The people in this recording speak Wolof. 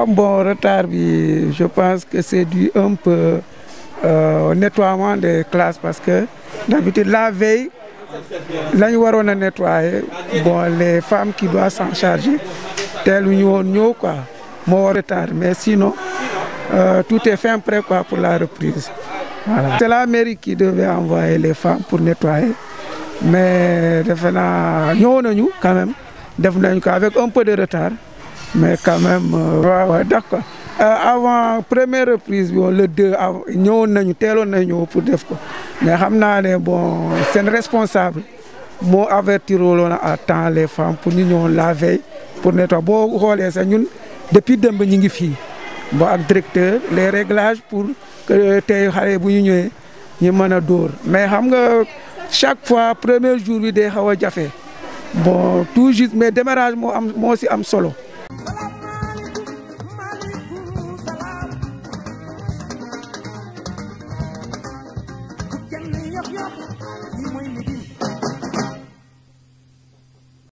Ah, bon, bi je pense que c'est dû un peu euh, au nettoiement des classes parce que d'habitude la veille, la ñu waroon a nettoyer bon les femmes qui doivent s'en charger teeluñu woon ñëw quoi moo war mais sinon euh, tout est fin prêt quoi pour la reprise C'est la mairie qui devait envoyer les femmes pour nettoyer. mais defe naa ñëw nañu quand def nañ ko avec un peu de retard mais quand même euh, waaw waaw d'accord euh, avant première reprise bi le deux av ñëwoon nañu teeloon nañu ñëw pour def ko mais xam naa ne bon seen responsable moo avertir woon à temps les femmes pour ñu ñëwoon la veille pour nettoyer boo xoolee sax ñun depuis démb ñi ngi fii ak directeur les réglages pour que euh, tey xale bu ñu ñëwee ñu mën a dóor mais xam chaque fois premier jour bi day xaw a jafe bon tout mais démarrage moo am moo si am solo.